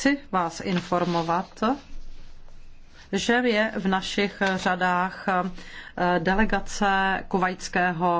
Chci vás informovat, že je v našich řadách eh, delegace kuvajského